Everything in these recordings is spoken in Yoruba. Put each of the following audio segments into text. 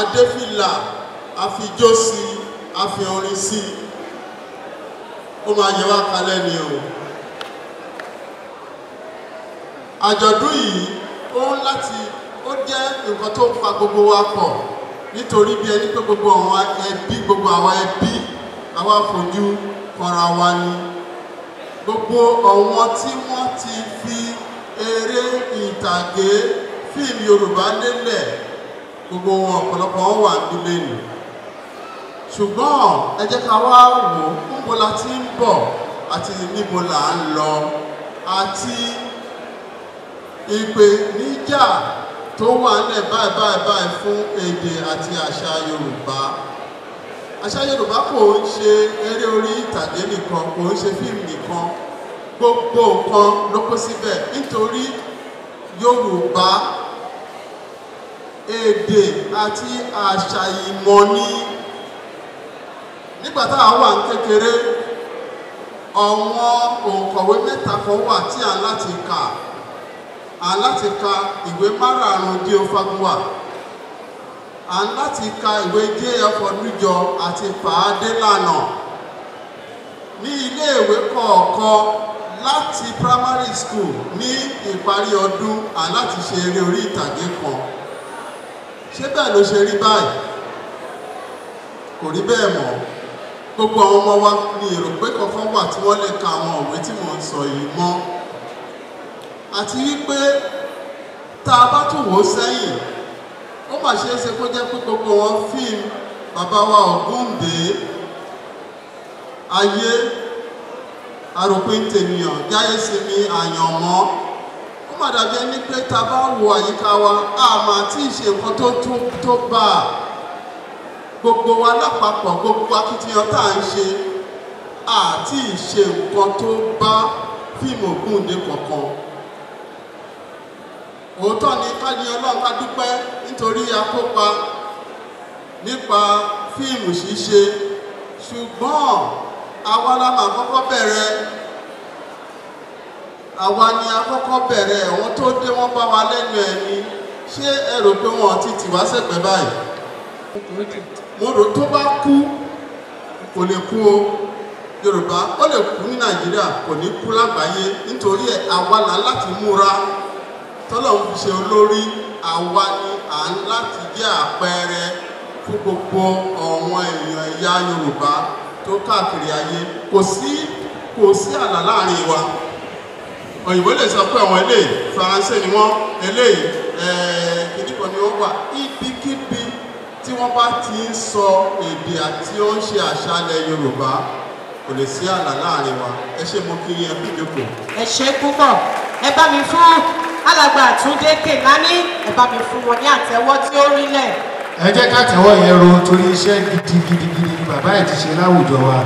adéfìlà àfijó sí àfihànrin sí ó máa yẹ wá kalẹ̀ ni o àjọ̀dún yìí ó ń láti ó jẹ́ nǹkan tó ń pa gbogbo wa pọ̀ nítorí bí ẹni pé gbogbo àwọn ẹbí gbogbo àwọn ẹbí àwa fojú fọra wa ni gbogbo àwọn tí wọ́n ti fi eré ìtàgé fíìmù Yorùbá lélẹ̀ gbogbo ọ̀pọ̀lọpọ̀ wà nílé nì ṣùgbọ́n ẹ jẹ́ ká wá wò ó níbo la ti ń bọ̀ àti níbo là ń lọ àti ìpèníjà tó wà nílẹ̀ báyìí báyìí báyìí fún èdè àti àṣà Yorùbá àṣà Yorùbá kò ń ṣe eré orí ìtàgé nìkan kò ń ṣe fíìmù nìkan gbogbo nǹkan ló kó síbẹ̀ nítorí Yorùbá èdè àti àṣà ìmọ̀ ni nígbà tá a wà ní kékeré àwọn òǹkọ̀wé mẹ́ta kan wà tí à ń láti kà à ń láti ka ìwé márààrún dé ofagunwa à ń láti ka ìwé jf ọdúnjọ àti fàádélànà ní iléèwé kọ̀ọ̀kan láti primary school ní ìparí ọdún à ń láti ṣe eré orí ìtàgé kan ṣé bẹ́ẹ̀ ló ṣe rí báyìí kò rí bẹ́ẹ̀ mọ́ gbogbo àwọn ọmọ wa ní èrò pé kankan wà tí wọ́n lè ka àwọn òwe tí mò ń sọ yìí mọ́ àti wípé tá a bá tún wò ó sẹ́yìn ó mà ṣeé ṣe kó jẹ́ pé gbogbo wọn fíìmù bàbá wa Ògúndé ayé aròpin tènìyàn jáyé sinmi àyànmọ́ padà jẹ́ ní pé ta bá wo àyíká wa a máa tí ì ṣe nǹkan tó tún tó bá a gbogbo wa lápapọ̀ gbogbo akitiyan tá à ń ṣe àti ìṣe nǹkan tó bá fíìmù Ògúndé kankan òótọ́ ni káni ọlọ́run adúpẹ́ nítorí akópa nípa fíìmù ṣíṣe ṣùgbọ́n àwa máa kọ́kọ́ bẹ̀rẹ̀ àwa ni akọ́kọ́ bẹ̀rẹ̀ ẹ̀wọ̀n tó dé wọ́n bá wa lẹ́nu ẹ̀ ni ṣé ẹ rò pé wọn ti tì wá sẹ́gbẹ́ báyìí mo rò tó bá kú kò lè kú o yorùbá ó lè kú ní nàìjíríà kò ní kú lágbàáyé gbogbo èèyàn yorùbá tó káàkiri ayé kò sí kò òyìnbó lè sọ pé àwọn eléyìí faransé ni wọ́n eléyìí kìnnìkan ni ó wà ibikíbi tí wọ́n bá ti ń sọ èdè àti ó ń ṣe àṣàlẹ̀ yorùbá kò lè sí ààlà láàrin wa ẹ ṣé mo kiri ẹbí mi kù. ẹ ṣé púpọ̀ ẹ bá mi fún alàgbà àtúndé kèlání ẹ bá mi fún wọn ní àtẹ́wọ́ tí ó rí lẹ̀. ẹ jẹ́ ká tẹ̀wọ́ yẹn ro torí iṣẹ́ gidigidi bàbá ẹ̀ ti ṣe láwùjọ wa.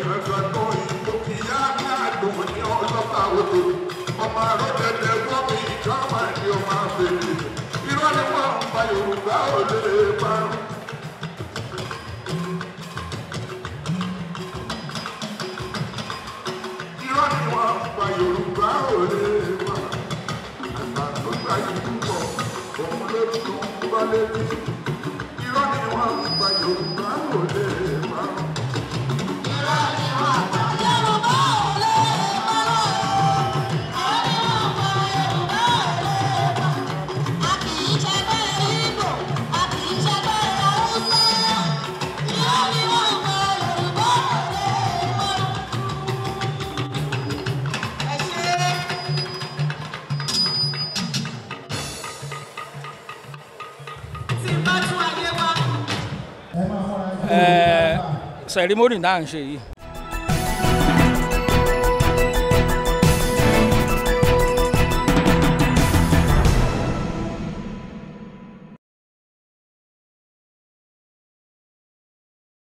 lọ́jọ́ ìgbòkè yá máa dùn ní ọlọ́pàá odò ọmọ arọ́dẹ̀dẹ̀ wọ́n mi ìjọba ni ó máa fèrè irọ́ ni wọ́n ń pa Yorùbá ò lè parun. irọ́ ni wọ́n ń pa Yorùbá ò lè parun. àgbà tó gba ìlú bọ̀ òun ló dùn wálé ní irọ́ ni wọ́n ń pa Yorùbá ò lè parun. sẹ̀rímónì náà ń ṣe